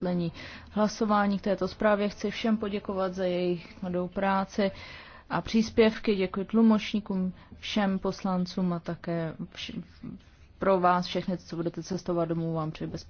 vysvětlení hlasování k této zprávě. Chci všem poděkovat za jejich tvrdou práci a příspěvky. Děkuji tlumočníkům, všem poslancům a také vš- pro vás všechny, co budete cestovat domů, vám přeji bezpečnost.